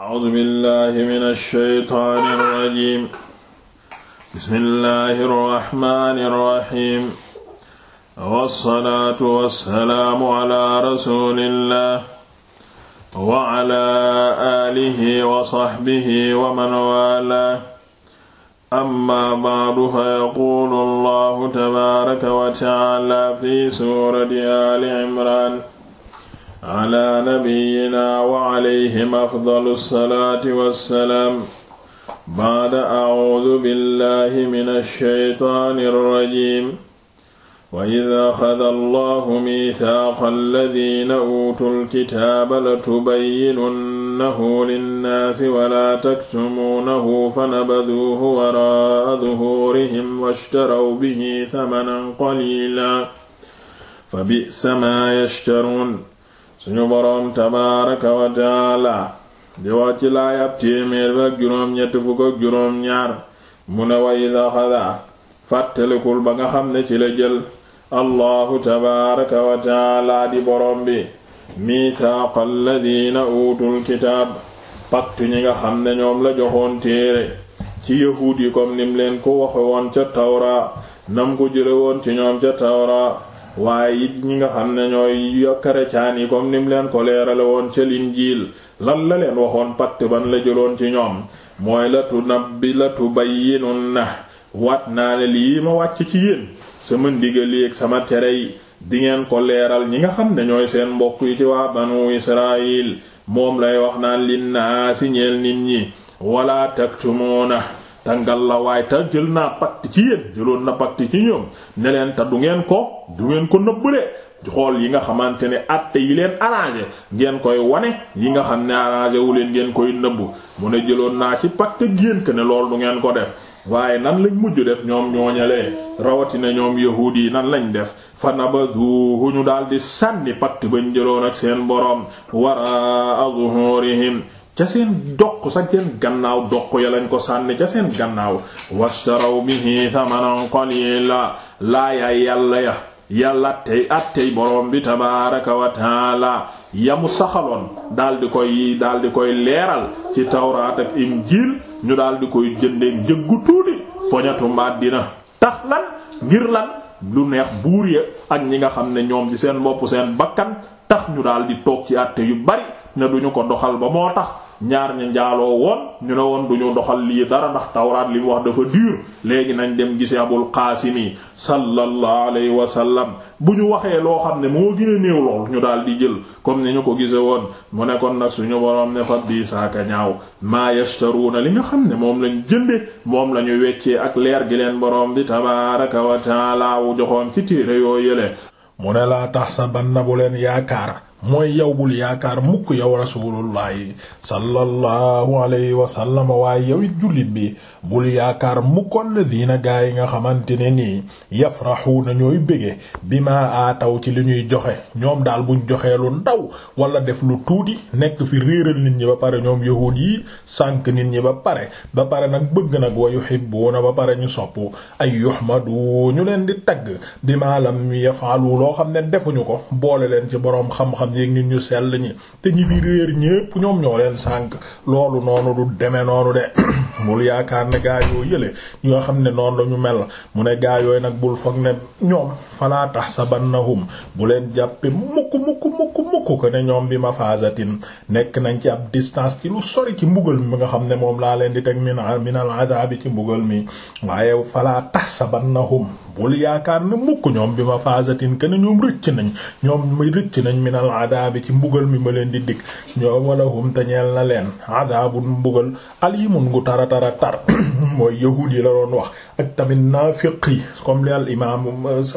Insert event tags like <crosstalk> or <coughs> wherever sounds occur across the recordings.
A'uuzu billaahi mina shaytaani rajiim. Bismillaahi rahmaani rahiim. Wassalaatu wassalaamu alaa rasuulillaah wa alaa aalihi wa sahbihi wa man waalaah. Ammaa ba'du fa yaquulu Allaahu tabaaraka wa ta'aalaa fi suurati Aali Imraan ala nabiyyina wa alayhim afdalu salaati wassalaam ba'da a'uudu billahi mina shaytaani rajiim wa idh akhadha allahu miithaaqa alladhiina uutul kitaaba latubayyinunnahu linnaasi wa laa taktumuunahu fanabadhuuhu waraa'a dhuhuurihim washtaraw bihi thamanan qaliilan fabi'sa maa yashtaruun suñu boroom tabaaraka wa taala di wax ci laayab téeméer bi ak juróom-ñett fukk ak juróom-ñaar mu ne wa ida xada fàttalikul ba nga xam ne ci la jël allahu tabaaraka wa taala di boroom bi miisaaqa alladina uutul kitaab pacte ñi nga xam ne ñoom la joxoon téere ci yahuud yi nim leen ko waxe woon ca tawra nam ko jële woon ci ñoom ca tawra waaye it ñi nga xam ne ñooy chrétien yi comme nim leen ko leerale woon ca Linjiil lan la leen waxoon pacte ban la jëloon ci ñoom mooy latu bi la tunabbi la na wat naa ne lii ma wàcc ci yéen sama ndigal ak sama tere yi di ngeen ko leeral ñi nga xam ne ñooy seen mbokk yi ci waa banu Israayil moom lay wax naan linnaasi ñeel nit ñi wala taktumuna te ngal la waay te jël naa pacte ci yéen jëloon na pacte ci ñoom ne leen du ngeen ko du ngeen ko nëbbale xool yi nga xamante ne atte yi leen arrangé ngeen koy wane yi nga xam ne arrangé wu leen ngeen koy nëbbu mu ne jëloon naa ci pacte génn que ne lool du ngeen ko def waaye nan lañ mujj def ñoom ñooñalee rawatina ñoom yahuud yi nan lañ def ba fanabaduhu ñu daal di sànni pacte bañ jëloon ak seen boroom wara azhurihim ca seen doq sa seen gannaaw doq ya lañ ko sànni ca seen gannaaw washtaraw bihi thamanan qalila laaya yàlla ya yàlla tey attey borom bi tabaraka wa taala yamu saxaloon daldi koy daal koy leeral ci tawraat ak injiil ñu daal koy jëndee njëggu tuuti poñatum àddina tax lan ngir lan lu neex buur ya ak ñi nga xam ne ñoom ci seen bopp seen bakkan tax ñu daal di toog ci àtte yu bari ne duñu ko doxal ba moo tax ñaar ñi njaaloo woon ñu ne woon duñu doxal lii dara ndax tawraat li mu wax dafa diir léegi nañ dem gisee abul qaasimi sallallahu alayhi wa sallam bu ñu waxee loo xam ne moo gën a néew lool ñu daal di jël comme ni ñu ko gise woon mu nekkoon kon nag suñu borom ne fa bii saaka ñaaw maa yashtaruuna li nga xam ne moom lañu jënde moom la ñu weccee ak leer gi leen boroom bi tabaaraka wa taala joxoon ci téere yoo yële mu ne laa tax sa banna bu leen yaakaar mooy yow bul yaakaar mukk yow rasulullahi sallallahu alayhi wa sallam waaye yow it jullit bi bul yaakaar mukkoon la diina gaa yi nga xamante ne nii yafraxuuna ñooy bége bi ma aataw ci li ñuy joxe ñoom daal buñ joxee lu ndaw wala def lu tuuti nekk fi réeral nit ñi ba pare ñoom yahuud yi sànk nit ñi ba pare ba pare nag bëgg nag wa yuhibbuuna ba pare ñu sopp ay yuhmadu ñu leen di tagg bi ma lam loo xam ne defuñu ko boole leen ci boroom xam-xam xam ñu sell ñi te ñi fi réer ñépp ñoom ñoo leen sànk loolu noonu du demee noonu de <coughs> bul yaakaar ne gaa yoo yële ñoo xam ne noonu la ñu mel mu ne gaa yooyu nag bul foog ne ñoom falaa tahsabannahum bu leen jàppe mukk mukk mukk mukk ko ne ñoom bi mafazatin nekk nañ ci ab distance ci lu sori ci mbugal mi nga xam ne moom laa leen di teg min min al adabi ci mbugal mi waaye falaa tahsabannahum bul yaakaar ne mukk ñoom bi ma fasatin ken ñoom rëcc nañ ñoom mi rëcc nañ min al adaabi ci mbugal mi ma leen di dikk ñoom wala hum tañeel na leen adaabun mbugal alimun gu tara tara tar <clears throat> mooy yahuud yi la doon wax ak tamit naafiq yi comme li al imam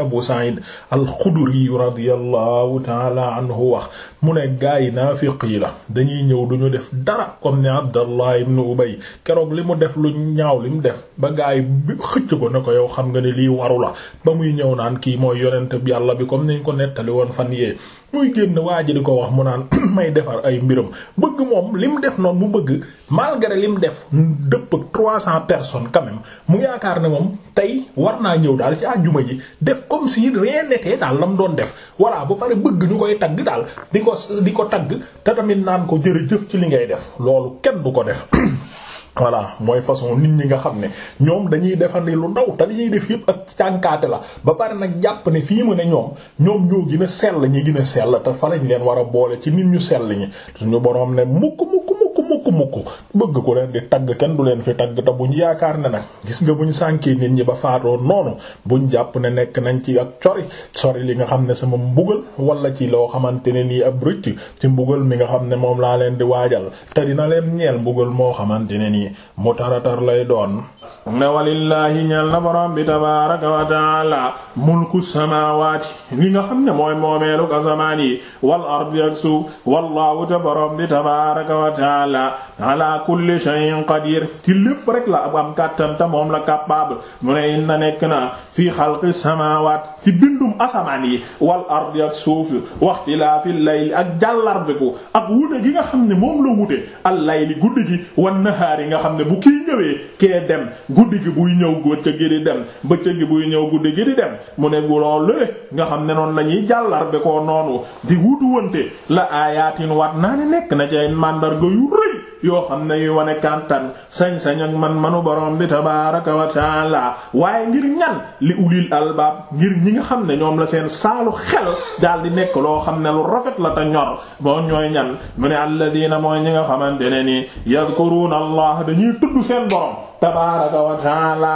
Abu Sa'id al Khudri radiyallahu ta'ala anhu wax mu ne gaa yi naafiq yi la dañuy ñëw duñu def dara comme ni Abdallah nu Ubay keroog li mu def lu ñaaw li mu def ba gaa yi xëcc ko ne ko yow xam nga ne lii waru la ba muy ñëw naan kii mooy yonent bi yàlla bi comme niñ ko nettali woon fan yee muy génn waa ji ko wax mu naan <clears throat> may defar ay mbiram bëgg moom li mu def noonu mu bëgg malgré li mu def dëpp ak 300 personnes quand même mu yaakaar ne moom tey war naa ñëw daal ci àjjuma ji def comme si rien n'était daal la mu doon def walaa ba pare bëgg ñu koy tagg daal di ko di ko tagg te tamit naan ko jërëjëf ci li ngay def loolu kenn du ko def. <clears throat> voilà mooy façon nit ñi nga xam ne ñoom dañuy defandi lu ndaw te li ñuy def yëpp ak cànkaate la ba pare nag jàpp ne fii mu ne ñoom ñoom ñoo gën a sell ñi gin a sell te fa lañ leen war boole ci nit ñu sell ñi suñu boroom ne mukk mukk mukk mukk bëgg ko leen di tagg kenn du leen fi tagg te buñ yaakaar ne nag gis nga buñ sànkee nit ñi ba faatoo noonu buñ jàpp ne nekk nañ ci ak cori sori li nga xam ne sama mbugal wala ci loo xamante ne nii ab rëcc ci mbugal mi nga xam ne moom laa leen di waajal te dina leen ñeel mbugal moo xamante ne nii mu taratar lay doon ne walillaahi ñeel na borom bi tabaaraka wa taala mulku samaawaati li nga xam ne mooy moomeelu asamaan yi wal ardi ak suuf wallaahu te borom bi tabaaraka wa taala ala kulli shay'in qadir ci lépp rek la am kàttan te moom la capable ci bindum asamaan yi wal ardi ak suuf waxtilaafi ak jàllarbeku nga xam ne moom la wute al layli guddi gi wan nga xam ne bu kii ñëwee kee dem guddi gi buy ñëw bëccëg gi di dem bëccëg gi buy ñëw guddi gi di dem mu ne gu loolu nga xam ne noonu la ñuy jàllar koo noonu di wutu wante la aayaatin waat naa ne nekk na ci ay màndarga yu rëy yoo xam ne yu wane kàntan sañ-sañ ak man manu borom bi tabaaraka wa taala waaye ngir ñan li ulil albaab ngir ñi nga xam ne ñoom la seen saalu xel daal di nekk loo xam ne lu rafet la te ñor moo ñooy ñan mu ne alladina mooy ñi nga xamante ne ni yadkuruna allah dañuy tudd seen borom tabaaraka wa taala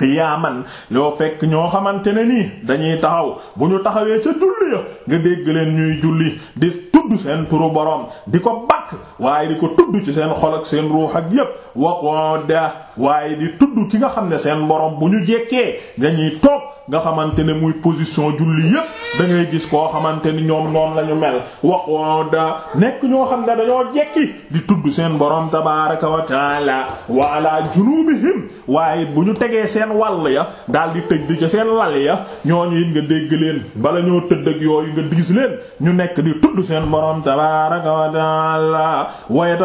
qiyaaman yoo fekk ñoo xamante ne nii dañuy taxaw bu ñu taxawee ca julli ya nga dégg leen ñuy julli di tudd seen turu boroom di ko ba waaye di ko tudd ci seen xol ak seen ruux ak yépp waaye di tudd ki nga xam ne seen borom bu ñu jekkee dañuy toog nga xamante ne muy position julli yépp da gis koo xamante ni ñoom noonu la ñu mel waxoon da nekk ñoo xam ne dañoo jekki di tudd seen borom tabaaraka wa taala wa ala junubihim waaye bu ñu tegee seen wàll ya daal di tëj di ca seen wàll ya ñooñu it nga dégg leen bala ñoo tëdd yooyu nga gis leen ñu nekk di tudd seen borom tabaaraka wa taala wa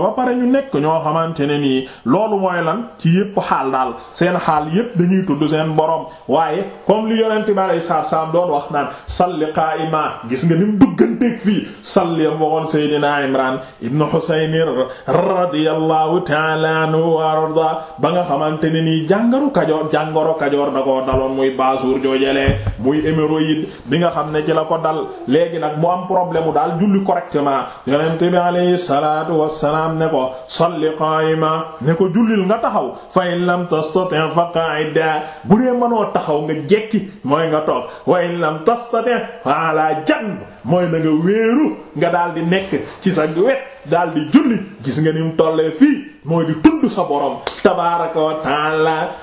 ba pare ñu nekk ñoo xamante ne nii loolu mooy lan ci yépp xaal daal seen xaal yépp dañuy tudd seen borom. waaye comme li yonente bi alayhi salaatu salaam doon wax naan salli qaa'ima gis nga nim dugganteeg fii salli yam waxoon Seydina Imran ibn Husayn radiyallahu ta'ala anhu wa arda ba nga xamante ne nii jàngaru kajoor jàngoro kajoor da koo daloon muy basuur joojalee muy hémorroïde bi nga xam ne ci la ko dal léegi nag mu am problème mu daal julli correctement yonente bi alayhi salaatu wassalaam ne ko salli qaa'ima ne ko jullil nga taxaw fa in lam tastati' fa taxaw nga jekki mooy nga toog wa in lam tastati fa ala mooy na nga wéeru nga daal di nekk ci sa wet daal di julli gis nga ni mu tollee fii mooy di tudd sa borom tabaaraka wa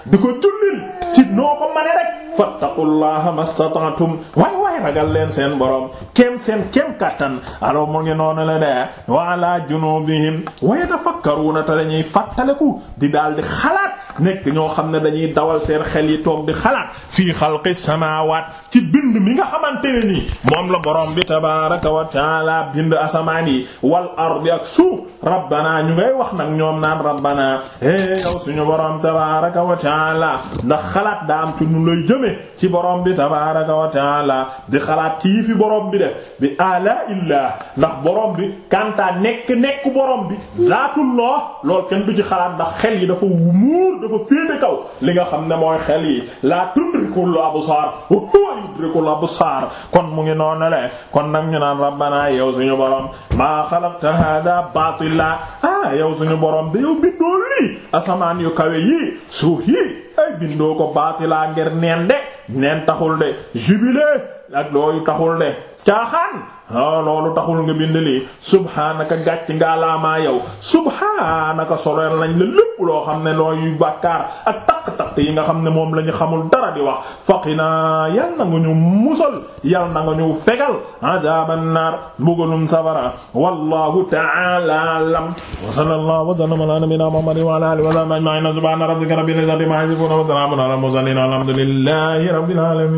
di ko jullil ci noo ko mane rek fattaqullaha mastata'tum waay waay ragal leen seen borom kem seen kem kattan alors mu ngi noonu la de wa ala junubihim wa yatafakkaruna dañuy fàttaleku di daal xalaat nekk ñoo xam ne dañuy dawal seen xel yi toog di xalaat fii xalqi samaawaat ci bind mi nga xamante nii moom la borom bi tabaaraka wa taala bind asamaan yi wal ardi ak su rabbana ñu ngay wax nag ñoom naan rabbana eh yow suñu borom tabaaraka wa ndax xalaat daa am ci nu lay jëmee ci borom bi tabaaraka wa taala di xalaat ci fi borom bi def bi ala illa ndax borom bi kanta nekk nekk borom bi laatu lool kenn du ci xalaat ndax xel yi dafa muur dafa féete kaw li nga xam ne mooy xel yi la tudrikul absar huwa yudrikul kon mu ngi noon le kon nag ñu naan rabbana yow suñu borom maa xalaqta hada batila ah yow suñu borom da yow bindoo lii asamaan yu kawe yi suuf yi ay bindoo ko baatila ngir neen de neen taxul de jubilé ak looyu taxul de caaxaan ah loolu taxul nga bind lii subhaanaka gàcc nga laamaa yow subhaanaka soreel nañ na lépp loo xam ne nooy bàkkaar ak takk-takk yi nga xam ne moom la ñu xamul dara di wax faqinaa yal na nga ñu musal yal na nga ñu fegal adaaban naar mbugalum safara wallahu ta'ala a'lam wa sallallahu wa sallama ala nabiyyina muhammadin wa ala alihi wa sahbihi ajma'in subhana rabbika rabbil izzati amma yasifun wa salamun ala al mursalin alhamdulillahi rabbil alamin